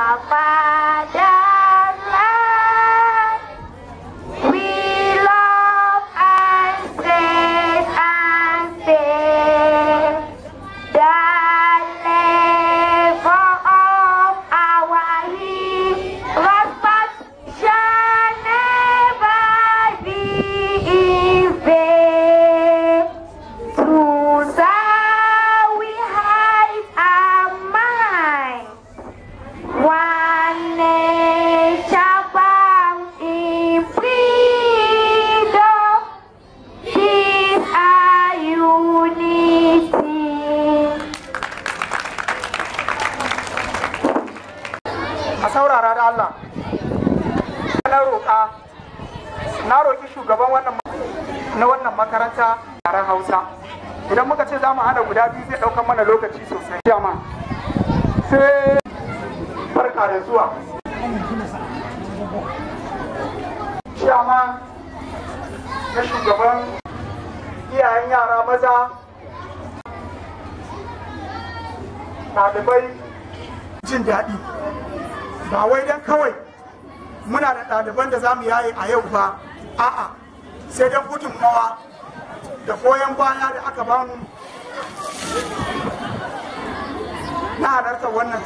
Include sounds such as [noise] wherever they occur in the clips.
好吧。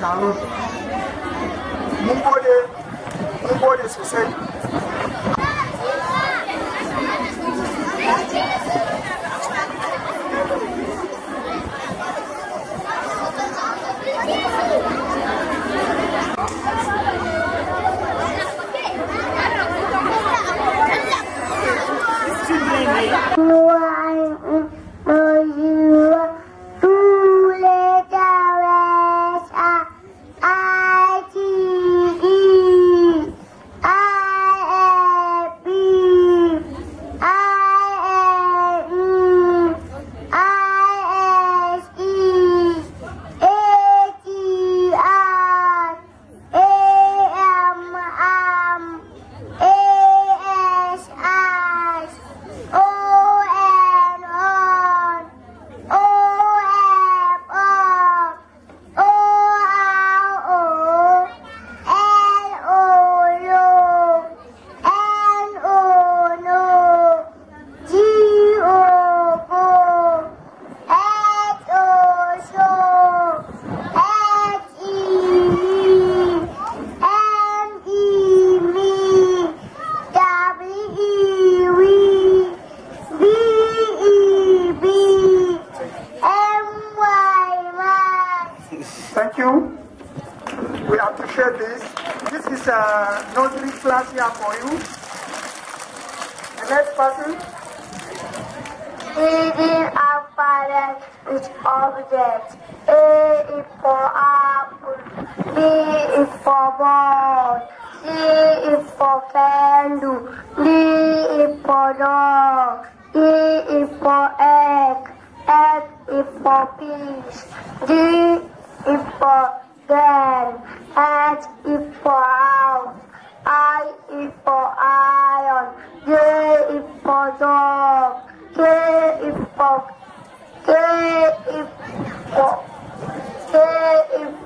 假如。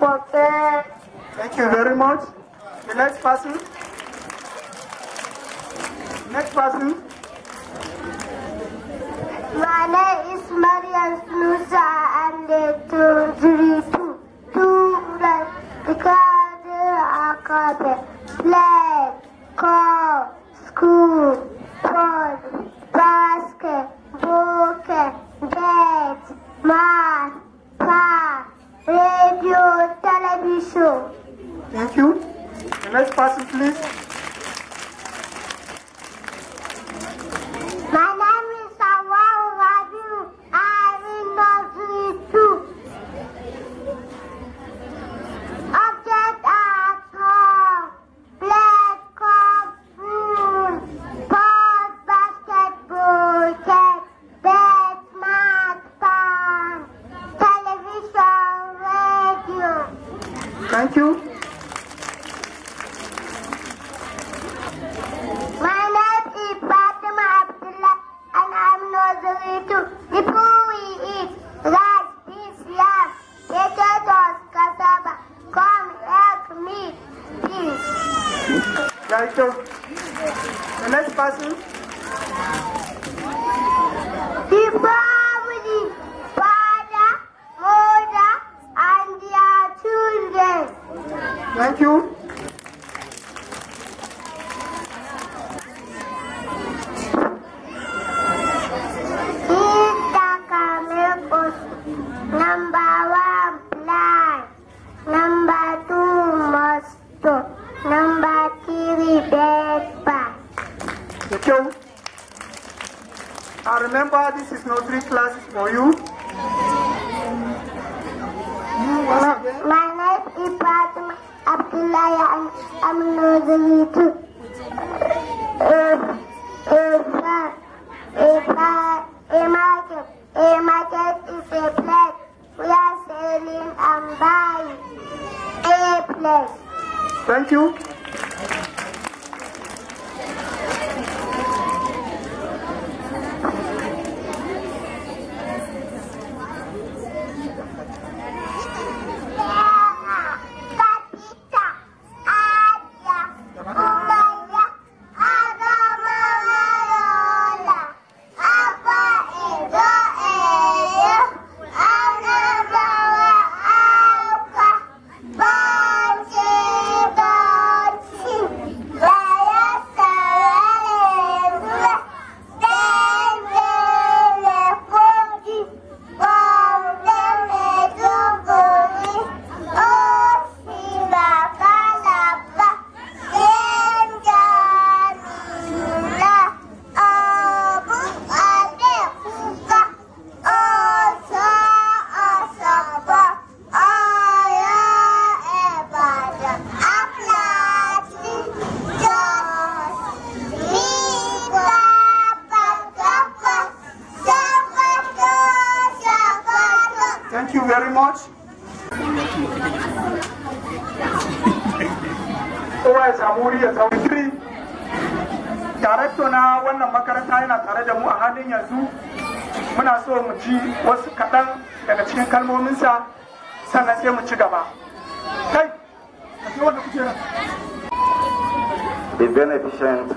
Buffet. Thank you very much. The next person. Next person. My name is Mariam Snusa, and I the three two two the I are carpet. Play, call. The next person, please. Thank you. I remember this is not three classes for you. My name is Fatima Abdullahi. I'm, I'm nursery two. If, if, if, a market, a market is a place where selling and buying a place. Thank you. wasu daga cikin sannan sai mu ci gaba kai wanda the beneficent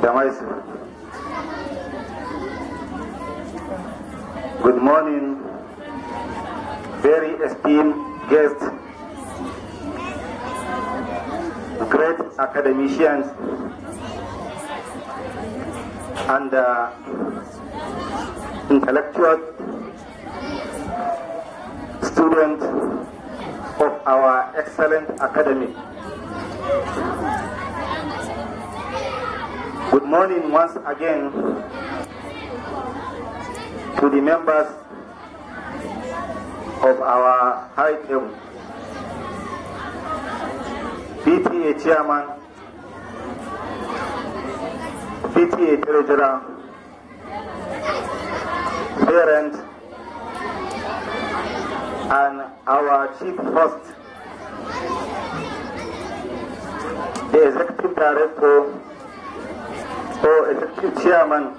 the merciful good morning very esteemed guests great academicians and uh, intellectuals, students of our excellent academy. Good morning once again to the members of our high table. PTA chairman, PTA treasurer, Parent and our chief host, the executive director or executive chairman,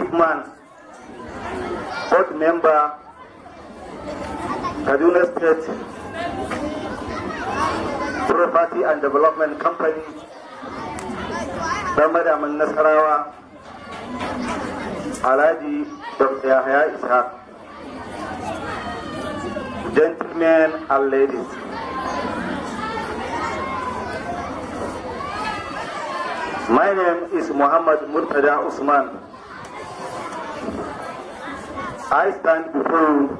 Ifman, board member, Kaduna State Property and Development Company, Ramadaman Nasarawa, Alaji Dr. Yahya Ishaq, gentlemen and ladies. My name is Muhammad Murtada Usman. I stand before you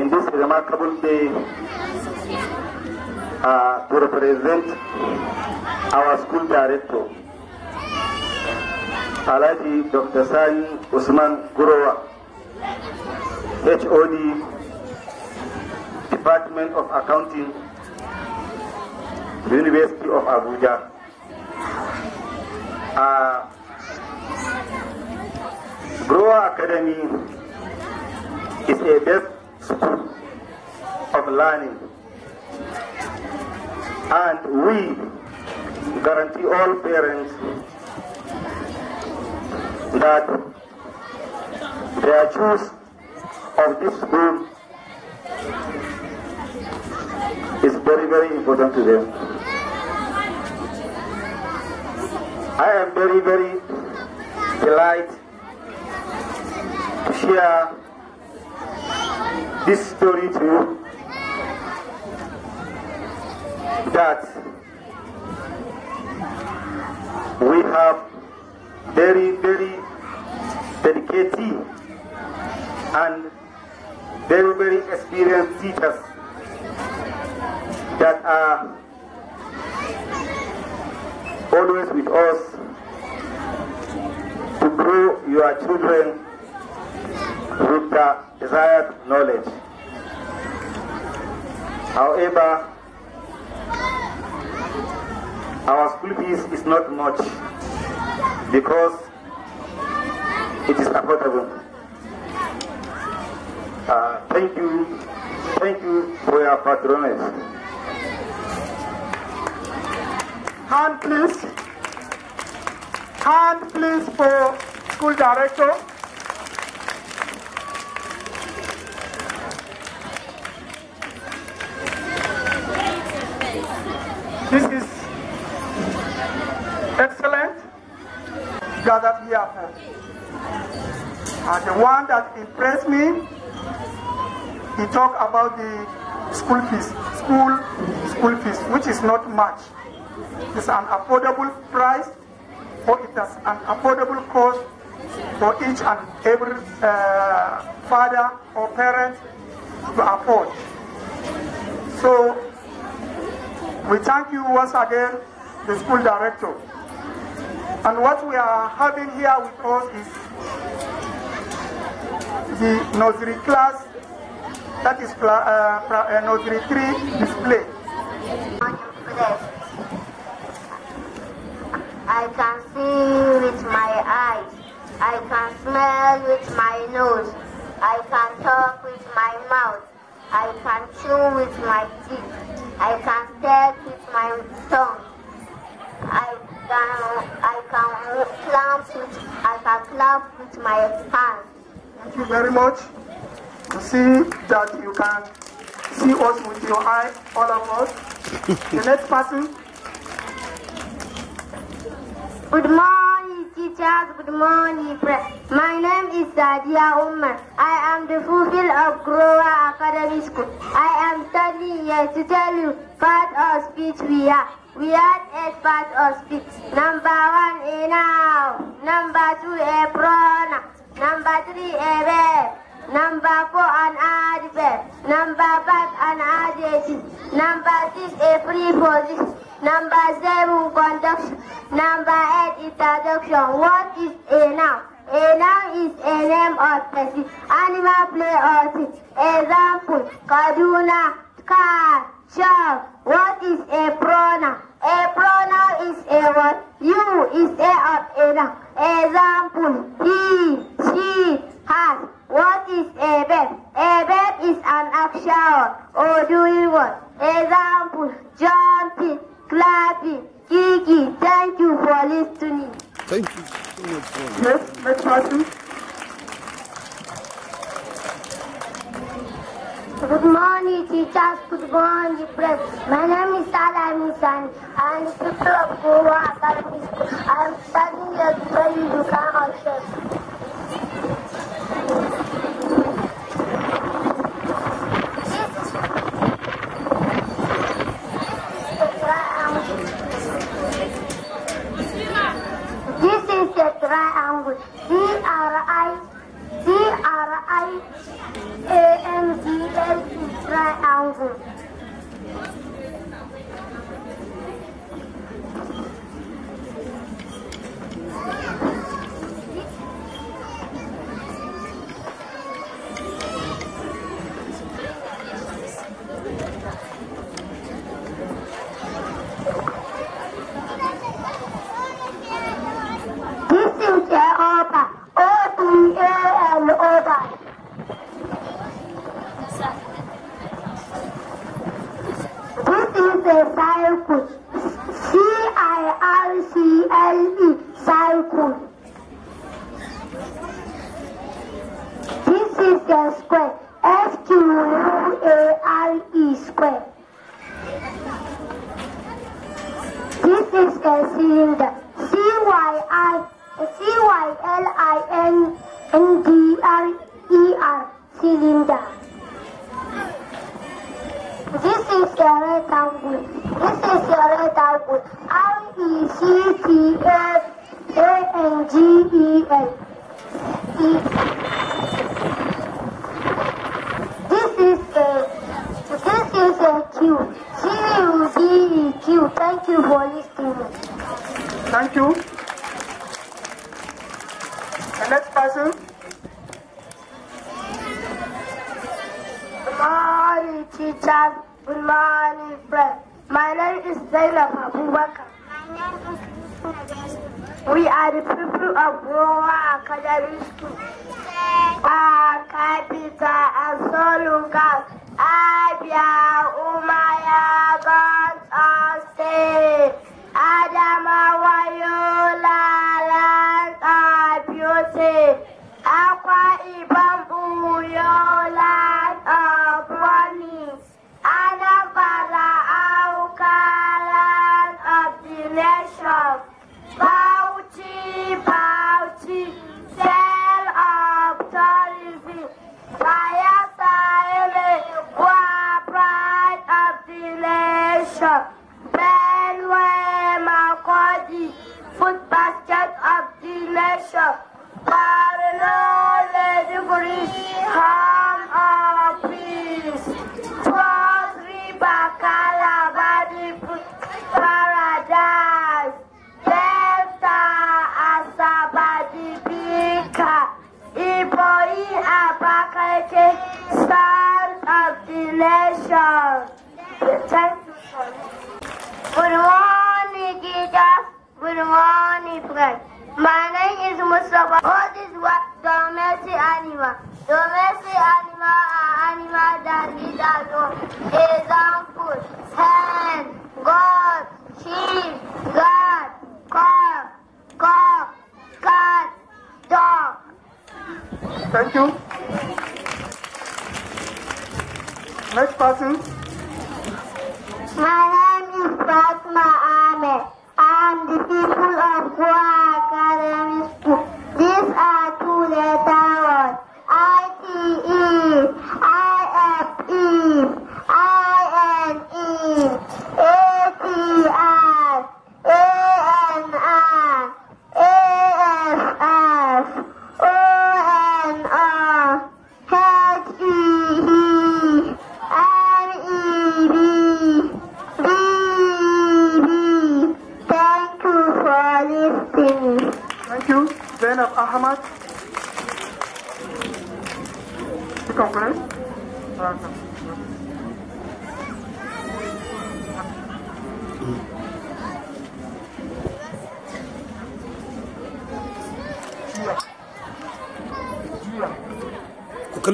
in this remarkable day uh, to represent our school director. Alhaji Dr. Sani Usman Gurowa, HOD, Department of Accounting, University of Abuja. Uh, Grower Academy is a best school of learning and we guarantee all parents that their Jews of this group is very, very important to them. I am very, very delighted to share this story to you that we have very, very dedicated and very, very experienced teachers that are always with us to grow your children with the desired knowledge. However, our school fees is not much because it is affordable. Uh, thank you, thank you for your patronage. Hand please, hand please for school director. gathered here And the one that impressed me, he talked about the school fees, school school fees, which is not much. It's an affordable price, or it is an affordable cost for each and every uh, father or parent to afford. So we thank you once again, the school director. And what we are having here with us is the nursery class, that is uh, uh, nursery 3 display. I can see with my eyes, I can smell with my nose, I can talk with my mouth, I can chew with my teeth, I can step with my tongue, I can, I can clamp with, I can clamp with my hands. Thank you very much. You see that you can see us with your eye, all of us. [laughs] the next person. Good morning, teachers. Good morning, friends. My name is Sadia Umar. I am the pupil of Grower Academy School. I am studying here to tell you part of speech we are. We had eight parts of speech. Number one, a noun. Number two, a pronoun. Number three, a verb. Number four, an adverb. Number five, an adjective. Number six, a preposition. Number seven, conjunction. Number eight, introduction. What is a noun? A noun is a name of person, animal, play, or thing. Example, Kaduna, car, shop. What is a pronoun? A pronoun is a word. You is a of a noun. Example, he, she, has. What is a verb? A verb is an action or doing what? Example, jumping, clapping, kicking. Thank you for listening. Thank you so much. Yes, that's awesome. Good morning, teachers. Good morning, friends. My name is Salam Isan. I am the pupil of Goa Academy I am studying at Bali Dukan also. This is the triangle. C-R-I R-I-A-N-D-L-I-3-1. circle. C I R C L E circle. This is the square.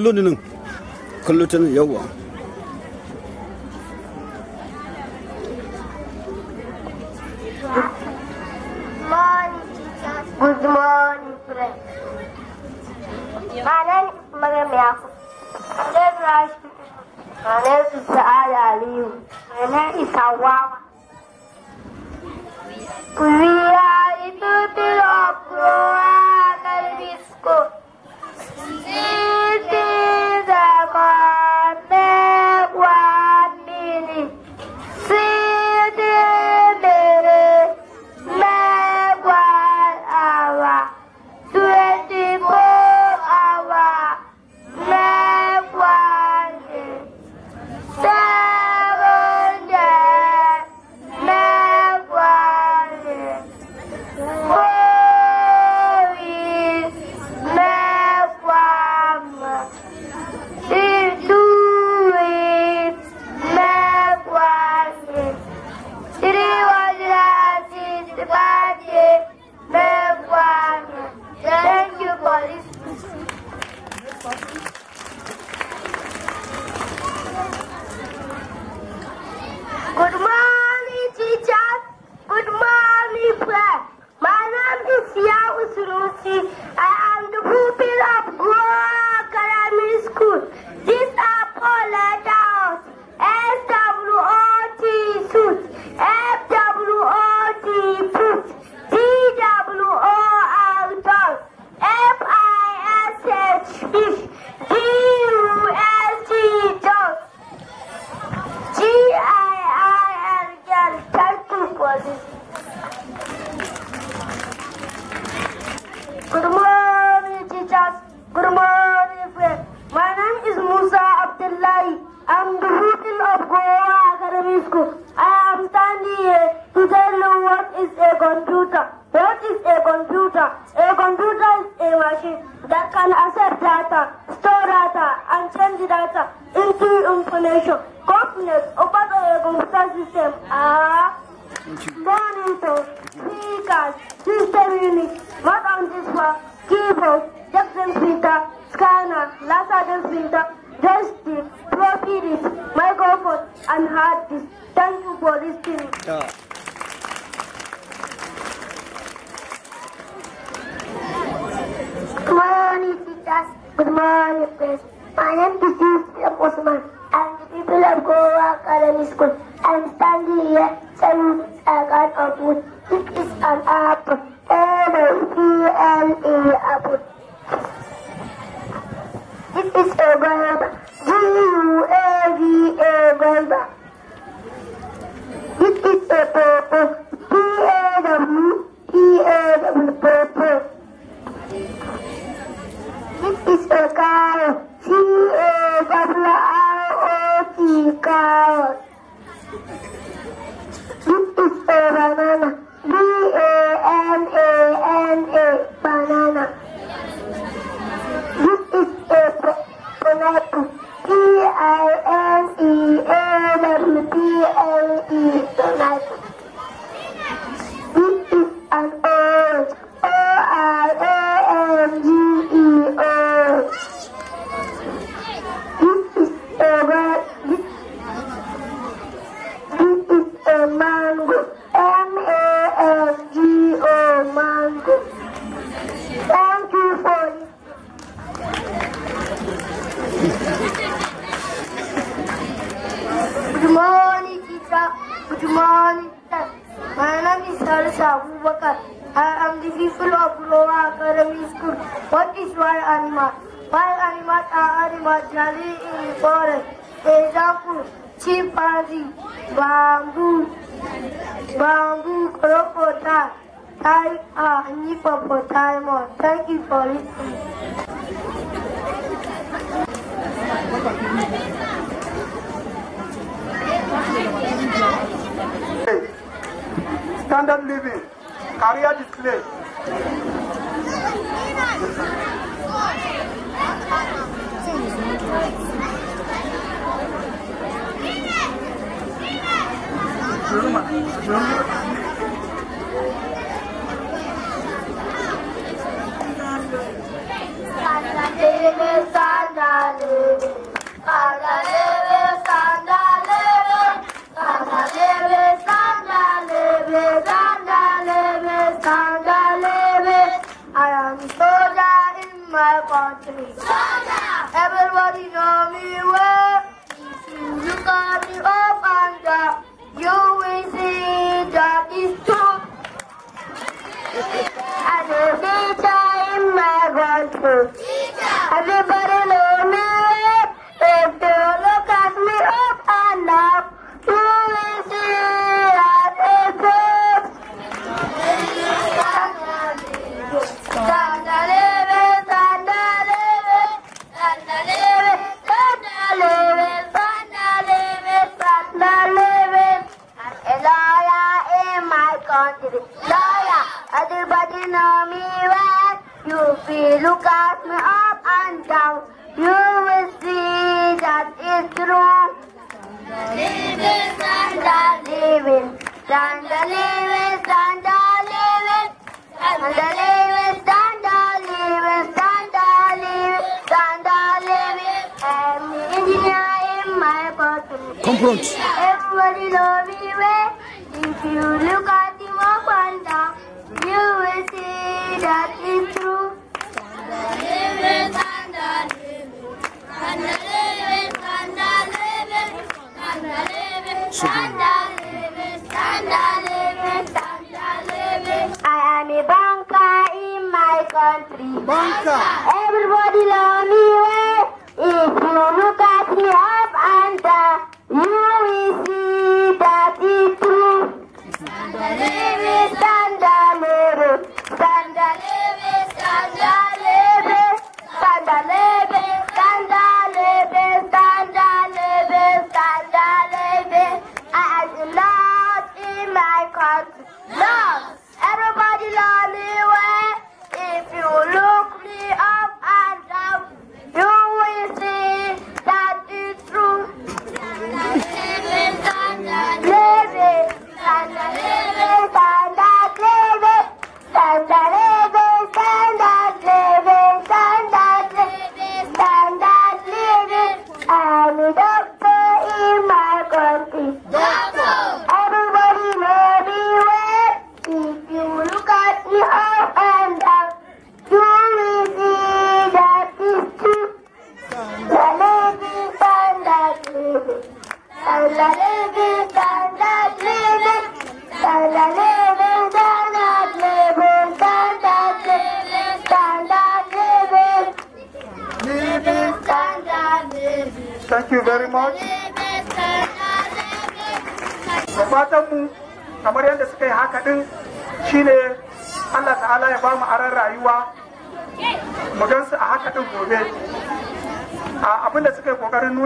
Good morning, friend. My name is Madam Yaku. My name is Saad Aliyu. My name is We are the people of Royal Bye.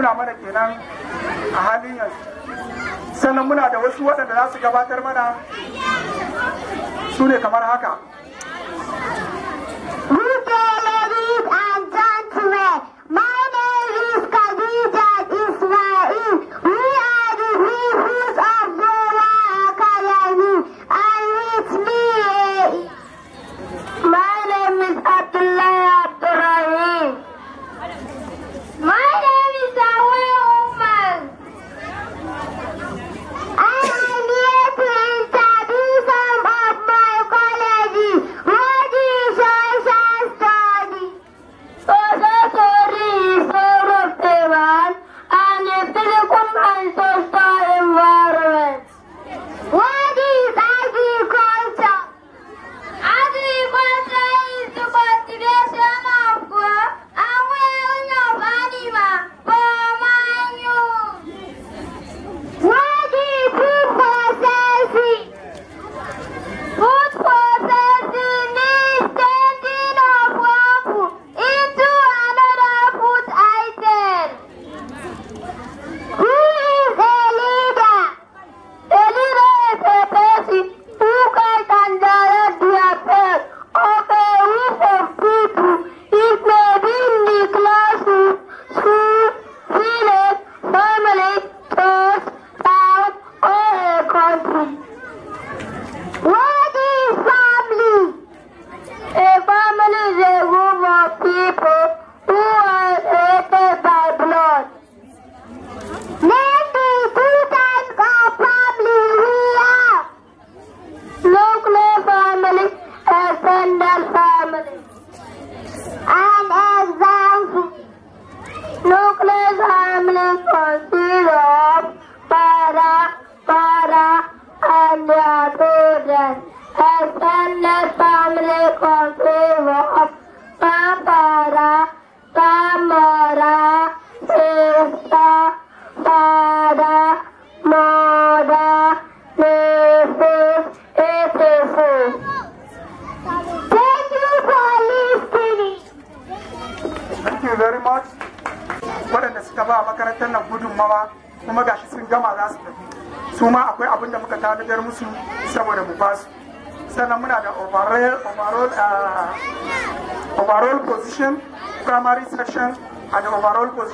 nuna mana kenan a halin yanzu sannan muna da wasu waɗanda za su gabatar mana su ne kamar haka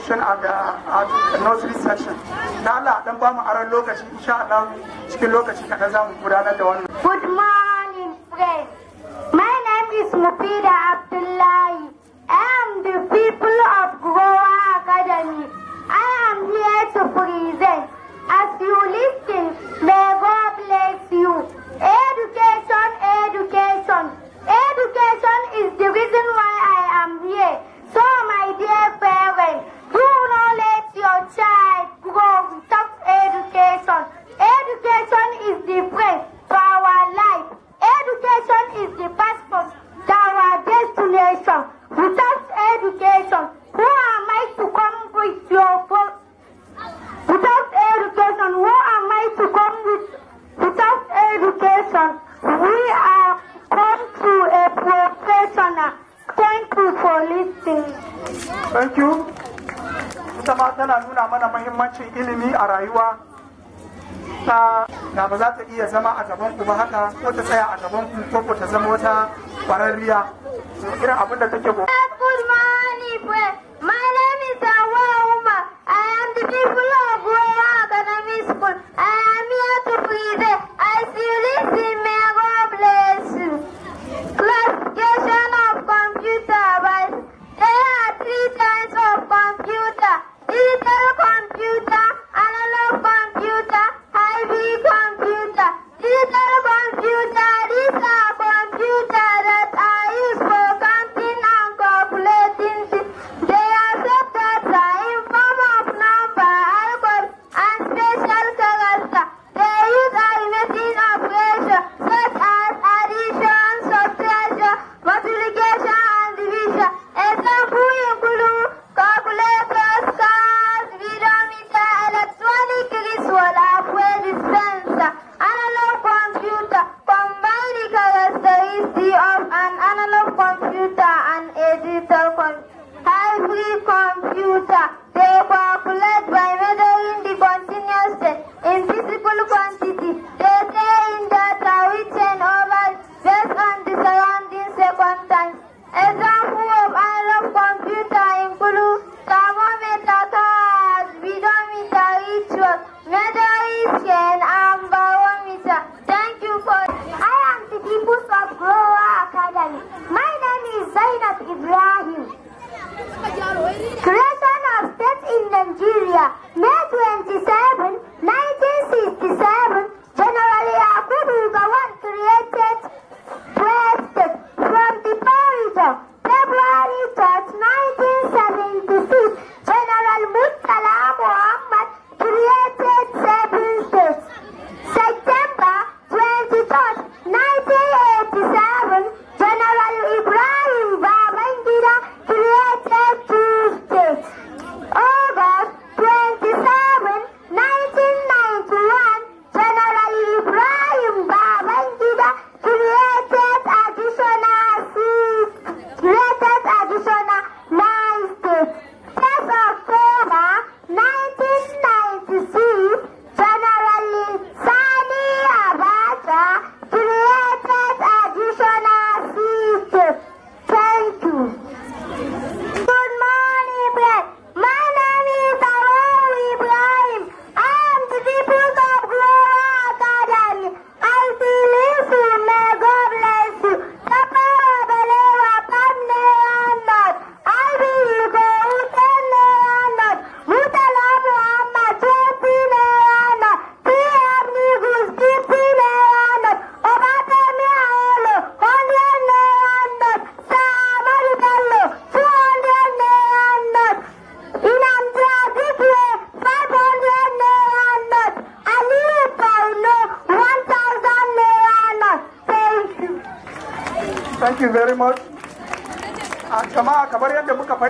good morning friends my name is Mufida Abdullahi I am the people of Goa Academy I am here to present as you listen iya zama a gaban ku ba haka ko ta tsaya a gaban ku ko ta zama wata kwararriya irin abin da take gobe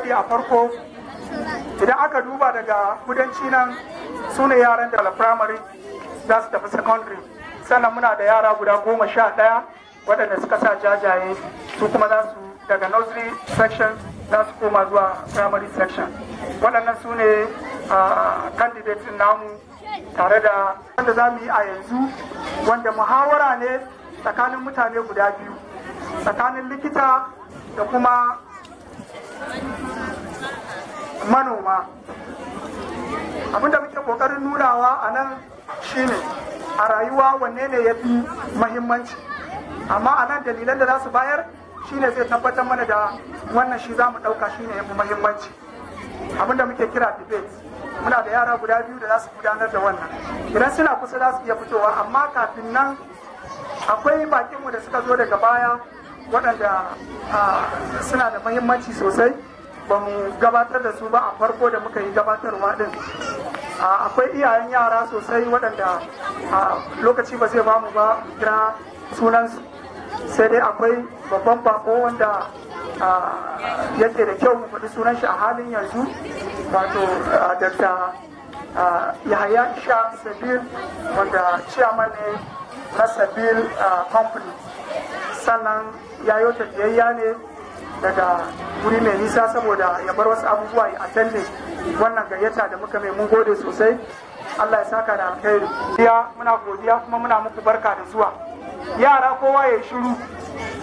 faɗi a farko idan aka duba daga kudanci nan su yaran da primary za su tafi secondary sannan muna da yara guda goma sha daya waɗanda suka sa jajaye su kuma za su daga nursery section za su koma zuwa primary section waɗannan su ne candidates namu tare da wanda za mu yi a yanzu wanda muhawara ne tsakanin mutane guda biyu tsakanin likita da kuma manoma abinda muke kokarin nunawa a nan shine a rayuwa wanne ne ya fi mahimmanci amma a nan dalilan da za su bayar shine zai tabbatar mana da wannan shi za mu ɗauka shine ya fi mahimmanci abinda muke kira debate muna da yara guda biyu da za su gudanar da wannan idan suna kusa za su iya fitowa amma kafin nan akwai bakinmu da suka zo daga baya waɗanda suna da mahimmanci sosai ba mu gabatar da su ba a farko da muka yi gabatarwa din akwai iyayen yara sosai waɗanda a lokaci ba zai ba mu ba kira sunansu sai dai akwai babban bako wanda yake da kyau mu faɗi sunan shi a halin yanzu wato dr yahaya Sha sabil wanda ciyama ne na sabil company sannan yayo tafiyayya ne daga wuri mai nisa saboda ya bar wasu abubuwa ya attendin wannan gayyata da muka mai mun gode sosai Allah ya saka da alkhairi ya muna godiya kuma muna muku barka da zuwa yara kowa ya shiru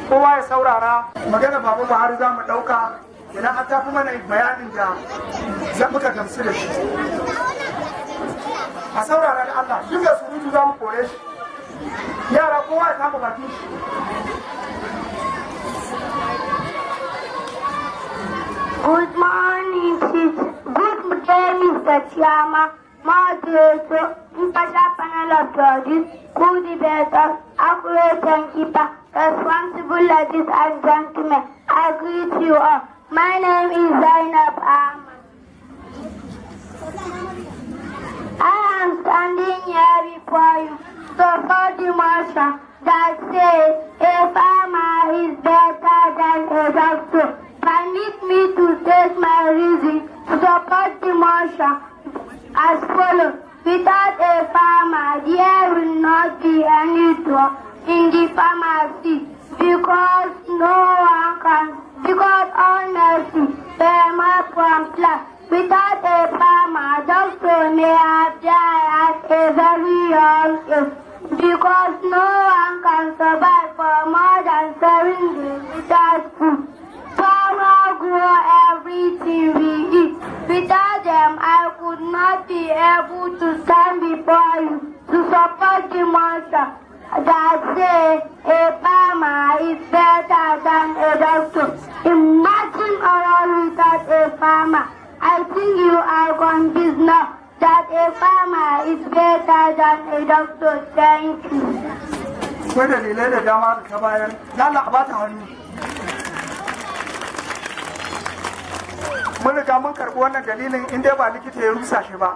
kowa ya saurara magana babu Buhari za mu dauka idan an tafi mana bayanin da za muka gamsu da shi a saurara da Allah duk da surutu za mu kore shi yara kowa ya samu bakin shi Good morning, good day, Mr. Chairman. Moderator, impartial panel of judges, good debaters, accurate and keeper, responsible ladies and gentlemen, I greet you all. My name is Zainab Ahmad. I am standing here before you to for the motion that says a farmer is better than a doctor need me to state my reason to support the motion as follows. Without a farmer, there will not be any drug in the pharmacy because no one can, because honestly, farmer from plant. Without a farmer, doctor may have died at a very young age because no one can survive for more than seven days without food farmer grow everything we eat. Without them, I would not be able to stand before you to support the monster that say a farmer is better than a doctor. Imagine all world without a farmer. I think you are convinced now that a farmer is better than a doctor. Thank you. mun riga mun karɓi wannan dalilin in dai ba likita ya rusa shi ba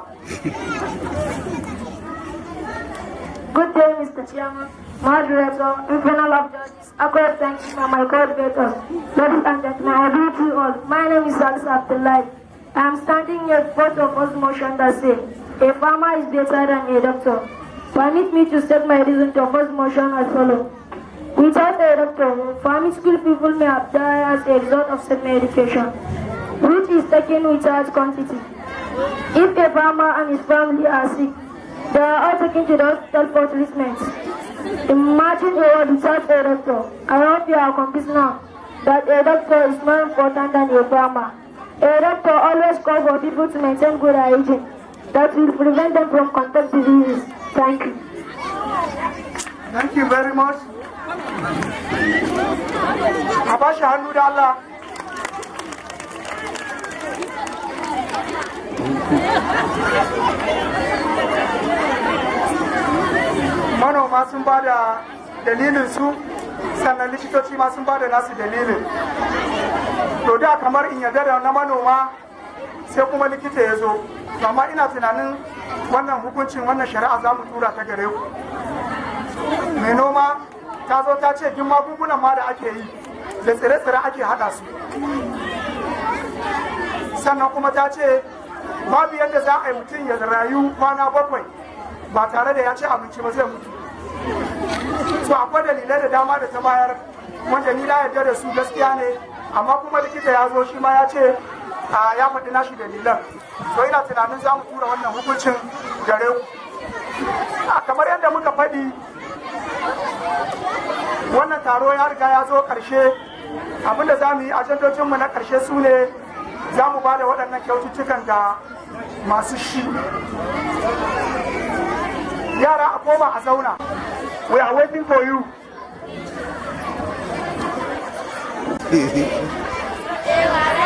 Good day, Mr. Chairman, moderator, and panel of judges. I could thank you for my coordinators. Ladies and gentlemen, I greet to all. My name is Alice Abdullahi. I am standing here both of us motion that say, a farmer is better than a doctor. Permit me to state my reason to first motion as follows. Without a doctor, farming school people may have died as a result of such medication. which is taken without quantity. If a farmer and his family are sick, they are all taken to the hospital for treatment. Imagine you are without a doctor. I hope you are convinced now that a doctor is more important than a farmer. A doctor always calls for people to maintain good hygiene that will prevent them from contact diseases. Thank you. Thank you very much. Abasha Allah. manoma sun ba da dalilin su sannan likitoci ma sun ba da nasu dalilin to da kamar in yarda da na manoma sai kuma likita ya zo amma ina tunanin wannan hukuncin wannan shari'a za mu tura ta gare ku mai noma ta zo ta ce duk magungunan ma da ake yi da tsire-tsire ake haɗa su sannan kuma ta ce babu yadda za a yi mutum ya rayu kwana bakwai ba tare da ya ci abinci ba zai mutu su akwai dalilai da dama da ta bayar wanda ni na yarda da su gaskiya ne amma kuma likita ya zo shi ma ya ce ya faɗi nashi dalilan so ina tunanin za mu tura wannan hukuncin gare ku kamar yadda muka faɗi wannan taro ya riga ya zo ƙarshe abinda za mu yi ajandojinmu na ƙarshe su ne za mu ba da waɗannan kyaututtukan ga masu shi yara a koma a zauna we are waiting for you [laughs]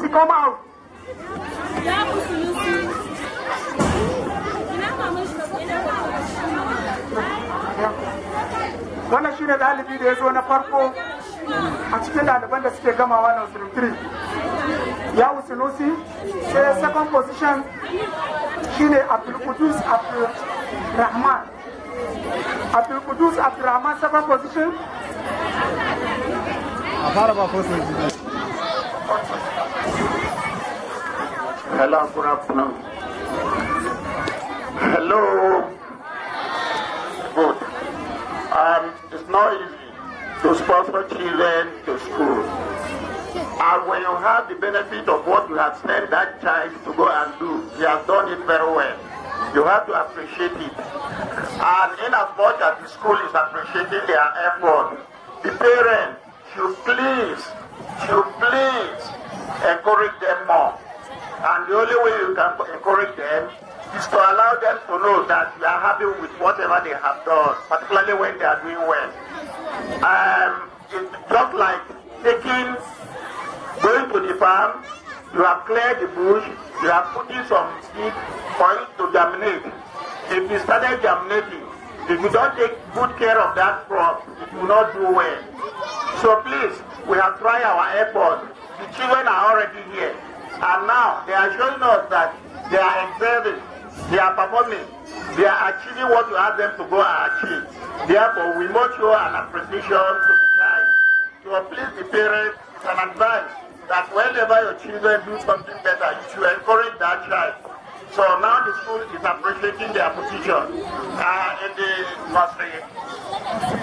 Must you come out? wannan shine dalibi da ya na farko a cikin ɗaliban da suke gama na usulun 3 ya usulusi sai second position shine abdul abdulkudus abdulrahman abdulkudus abdulrahman second position a fara ba ko sai Hello, good afternoon. Hello. Good. Um, it's not easy to sponsor children to school. And when you have the benefit of what you have sent that child to go and do, he has done it very well. You have to appreciate it. And in as much as the school is appreciating their effort, the parents should please, should please encourage them more. And the only way you can encourage them is to allow them to know that you are happy with whatever they have done, particularly when they are doing well. Um, it's just like taking, going to the farm, you have cleared the bush, you are putting some seed for it to germinate. If you started germinating, if you don't take good care of that crop, it will not do well. So please, we have tried our effort. The children are already here. And now they are showing us that they are excelling, they are performing, they are achieving what you ask them to go and achieve. Therefore, we must show an appreciation to the child. To please the parents, and advise that whenever your children do something better, you should encourage that child. So now the school is appreciating their position uh, in the first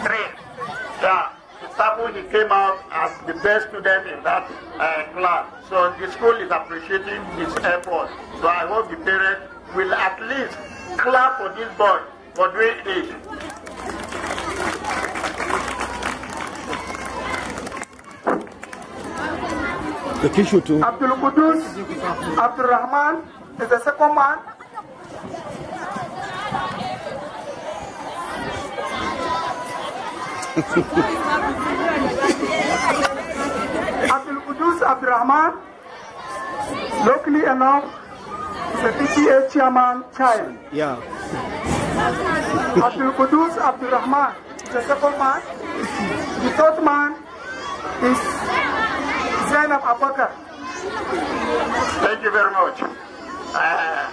three. Yeah. Sapu, he came out as the best student in that uh, class. So the school is appreciating his effort. So I hope the parents will at least clap for this boy for doing it. The Abdul Kudus, Abdul Rahman is the second man Abdul Qudus Rahman, locally enough, is a PTA chairman child. Yeah. Abdul Qudus Abdul Rahman, the second man. The third man is Zainab Abakar. Thank you very much. Uh,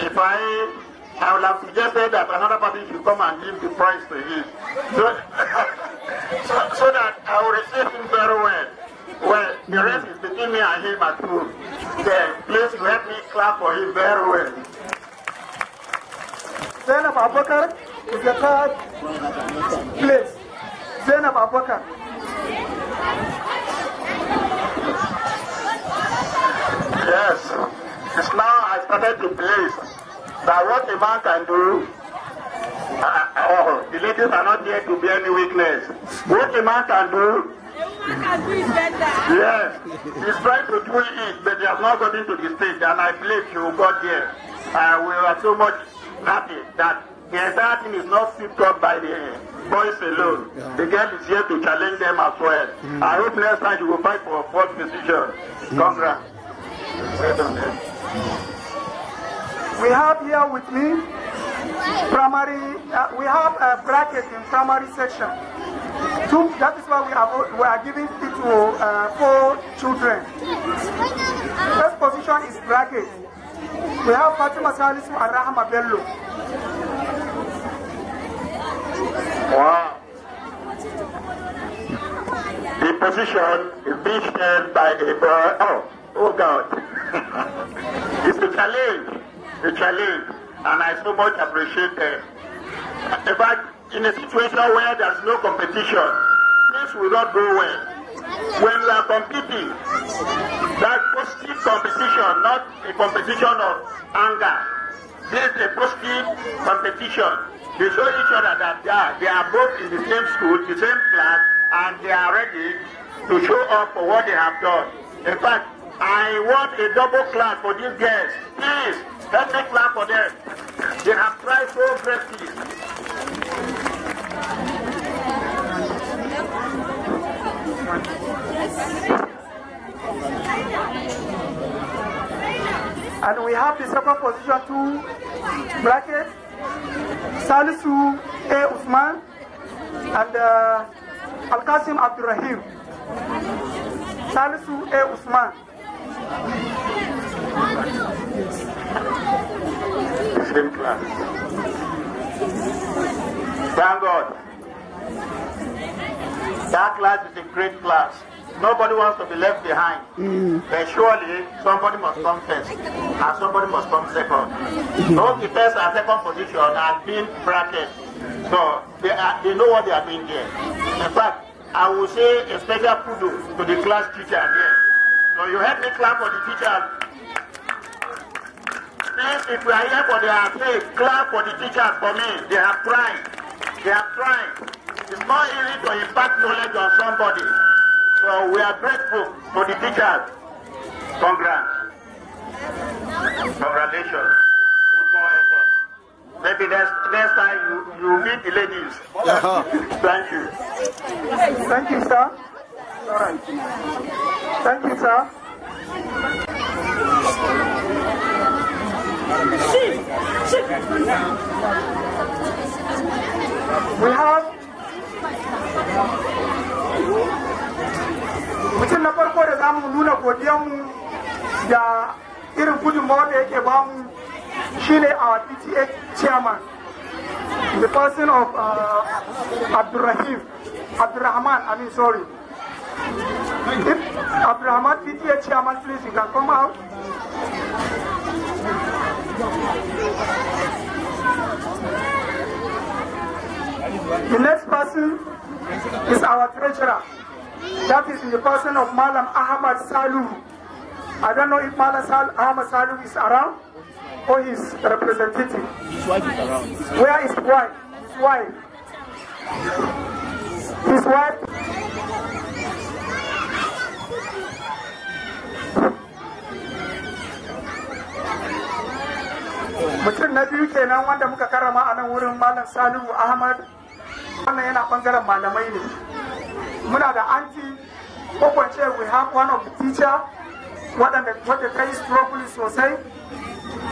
if I I would have suggested that another party should come and give the prize to him. So, [laughs] so, so, that I will receive him very well. Well, the rest is between me and him at home. Then please let me clap for him very well. Zainab Abubakar is the third place. Zainab Abubakar. Yes. It's now I started to place that what a man can do, uh, uh, oh, the ladies are not here to be any witness. What a man can do, a woman can do it better. Yes, he's trying to do it, but he has not gotten to the stage, and I believe he will got there. And we are so much happy that the entire thing is not swept up by the boys alone. Yeah. The girl is here to challenge them as well. Mm. I hope next time you will fight for a fourth position. Congrats. Mm. Well done, we have here with me primary, uh, we have a bracket in primary section. Two, that is why we, have, we are giving it to uh, four children. First position is bracket. We have Fatima Salisu and Rahma Bello. Wow. The position is being by a boy. Oh, oh God. [laughs] it's a challenge the challenge, and I so much appreciate them. In fact, in a situation where there's no competition, things will not go well. When we are competing, that positive competition, not a competition of anger, this is a positive competition. They show each other that they are, they are both in the same school, the same class, and they are ready to show up for what they have done. In fact, I want a double class for these girls. Please, let not make laugh for them. They have tried so greatly. And we have the second position to bracket Salisu A. Usman and uh, Al Qasim Abdurrahim. Salisu A. Usman class. Thank God. That class is a great class. Nobody wants to be left behind. Mm. But surely somebody must come first and somebody must come second. Mm-hmm. Both the first and second position are being bracketed. So they, are, they know what they are doing there. In fact, I will say a special kudos to the class teacher here. So you help me clap for the teacher these people are here for their pay. Clap for the teachers for me. They are crying. They are crying. It's not easy to impart knowledge on somebody. So we are grateful for the teachers. Congrats. Congratulations. Maybe next, next time you, you meet the ladies. Uh-huh. Thank you. Thank you, sir. All right. Thank you, sir. والعرب mutum na farko da za mu nuna godiyanmu da irin gudunmawa da yake ba mu shine our PTA chairman the person of uh, Abdurrahim Abdurrahman I mean sorry if Abdurrahman PTA chairman please you can come out the next person is our treasurer. That is the person of Malam Ahmad Salu. I don't know if Malam Sal Ahmad Salu is around or his representative. His wife is around. Where is wife? His wife. His wife. mutum na biyu kenan wanda muka karama a nan wurin malam salihu ahmad wannan yana bangaren malamai ne muna da anti ko we have one of the teacher waɗanda wadda ta yi sosai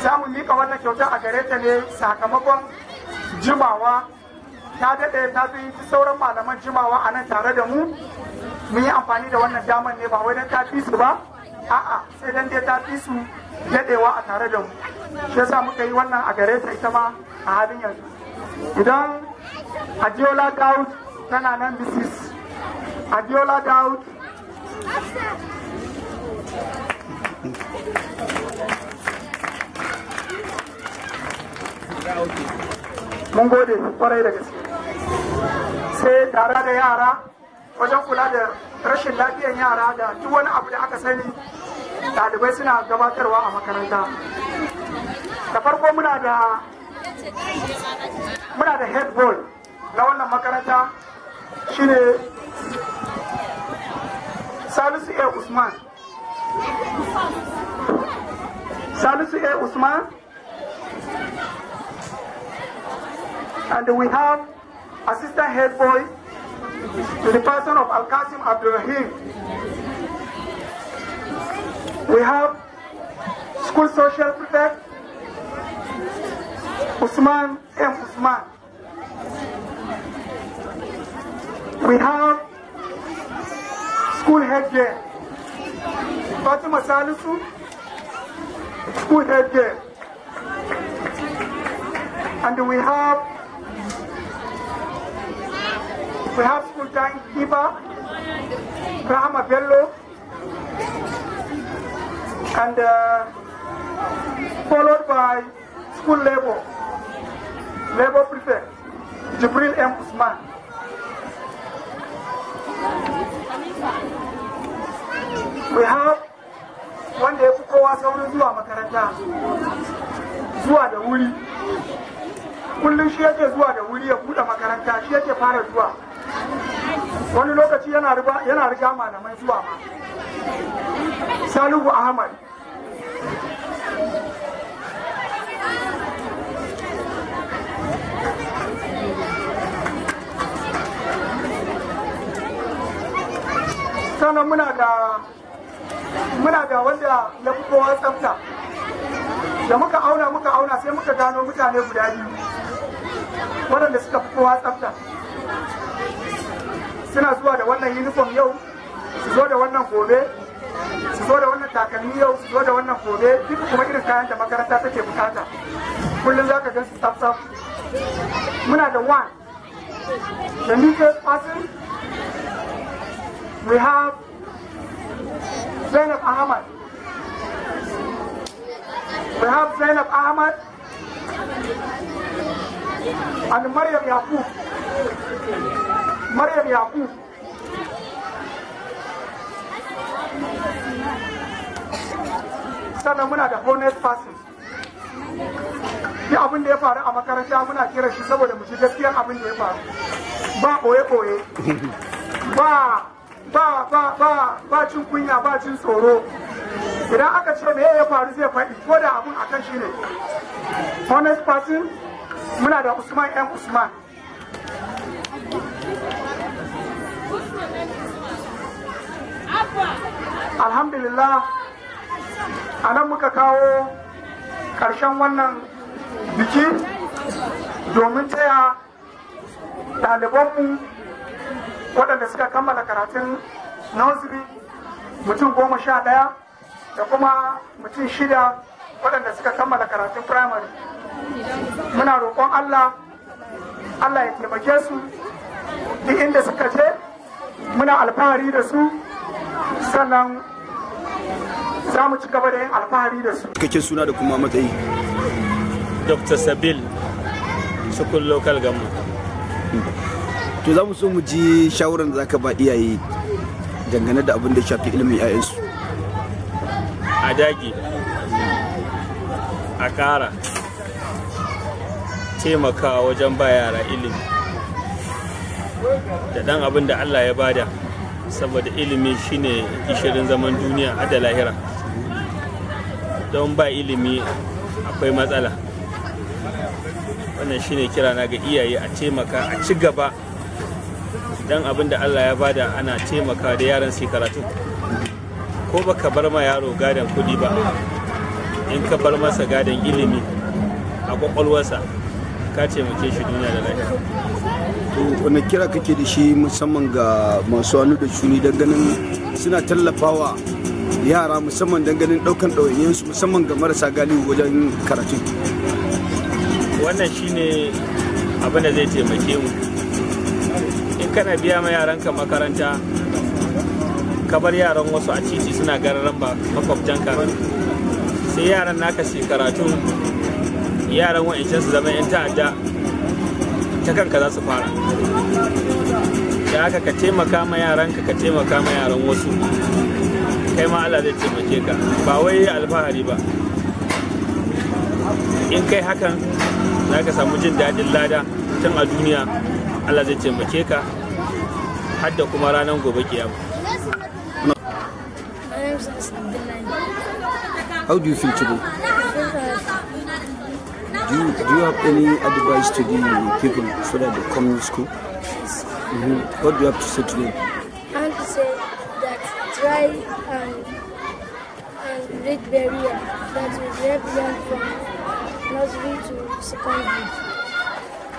za mu mika wannan kyauta a gare ta ne sakamakon jimawa ta daɗe ta fi yi sauran malaman jimawa a nan tare da mu mun yi amfani da wannan damar ne ba wai don ta fi su ba a'a sai dan dai ta fi su daɗewa a tare da mu shi yasa muka yi wannan a gare ta ita ma a halin yanzu idan Adiola Daud tana nan Mrs. Adiola Daud mun gode kwarai da gaske sai tare da yara wajen kula da rashin lafiyan yara da duk wani abu da aka sani ɗalibai suna gabatarwa a makaranta da farko muna da muna da head ball na wannan makaranta shine salisu a usman salisu a usman and we have assistant head boy To the person of Al-Qasim Abdul We have school social prefect, Usman M. Usman. We have school head girl, Fatima Salisu, school head girl. And we have we have full-time keeper, Brahma Bello, and uh, followed by school labor, labor prefect, Jibril M. Usman. We have one wanda ya fi kowa saurin zuwa makaranta zuwa da wuri kullum shi yake zuwa da wuri ya buɗe makaranta shi yake fara zuwa wani lokaci yana riga malamai zuwa ma salihu ahmad sannan muna da muna da wanda ya fi kowa tsafta da muka auna muka auna sai muka gano mutane guda biyu waɗanda suka fi kowa tsafta suna zuwa da wannan uniform yau su zo da wannan gobe su zo da wannan takalmi yau su zo da wannan gobe duka kuma irin kayan da makaranta take bukata kullum za ka gan su tsaf tsaf muna da one the meekest person we have Zainab Ahmad we have Zainab Ahmad and Maryam Yaqub maryam yaku sannan muna da honest person ya abin da ya faru a makaranta muna kira shi saboda mu ji gaskiyar abin da ya faru ba koye-koye ba ba ba ba ba cin kunya ba cin tsoro idan aka ce me ya faru zai faɗi ko da abun akan shi ne honest person muna da usman yan usman alhamdulillah a nan muka kawo ƙarshen wannan biki domin taya ɗalibanmu waɗanda suka kammala karatun nursery mutum goma sha ɗaya da kuma mutum shida waɗanda suka kammala karatun primary muna roƙon allah allah ya taimake su duk inda suka je muna alfahari da su sannan za mu ci gaba da alfahari da su kake suna da kuma matsayi dr sabil sukun local gamu to za mu so mu ji shawarar da zaka ba iyaye dangane da abin da shafi ilimin 'ya'yansu a dage a kara taimakawa wajen ba yara ilimi da ɗan abin da allah ya bada saboda ilimi shine gishirin zaman duniya a da lahira don ba ilimi akwai matsala wannan shine kira na ga iyaye a taimaka a ci gaba don abin da allah ya bada ana taimaka da yaran su karatu ko baka bar ma yaro gadon kudi ba in ka bar masa gadon ilimi a kwakwalwarsa ka taimake shi duniya da lahira wani kira kake da shi musamman ga masu hannu da shuni don ganin suna tallafawa yara musamman don ganin daukan su musamman ga marasa galihu wajen karatu wannan shine abin da zai taimake mu in kana biya ma yaranka makaranta ka bar yaran wasu a titi suna gararan ba makwabtanka sai yaran naka su karatu yaran wa'ancan su zama 'yan ta'adda ta kanka za su fara da haka ka taimaka ma yaranka ka taimaka ma yaran wasu kai ma Allah zai taimake ka ba wai alfahari ba in kai hakan za ka samu jin daɗin lada tun a duniya Allah zai taimake ka har da kuma ranar gobe kiyama How do you feel today? do you, do you have any advice to the people so that they come to school? Yes. Mm -hmm. What do you have to say to them? I want to say that try and, and read barrier that will help them from nursery to secondary.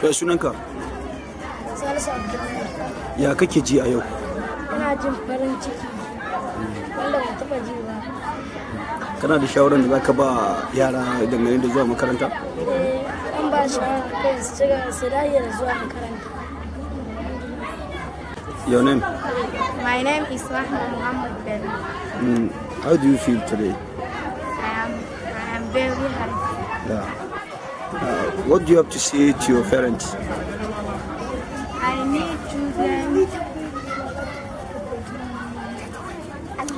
Ya sunanka? Salisu Ya kake ji a yau? Ina jin farin ciki. Wanda ji kana da shawarar da zaka ba yara dangane da zuwa makaranta an ba su dage da zuwa makaranta your name my name is Rahma Muhammad Ben. mm. how do you feel today I am I am very happy yeah. uh, what do you have to say to your parents I need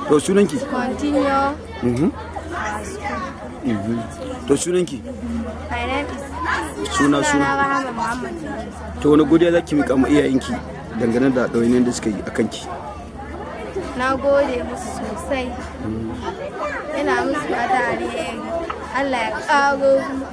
children to continue mm -hmm. to sunanki suna suna to wani godiya za ki miƙa ma iyayenki dangane da ɗawainiyar da suka yi a kanki na gode musu sosai mm. ina musu fata a Allah ya ƙaro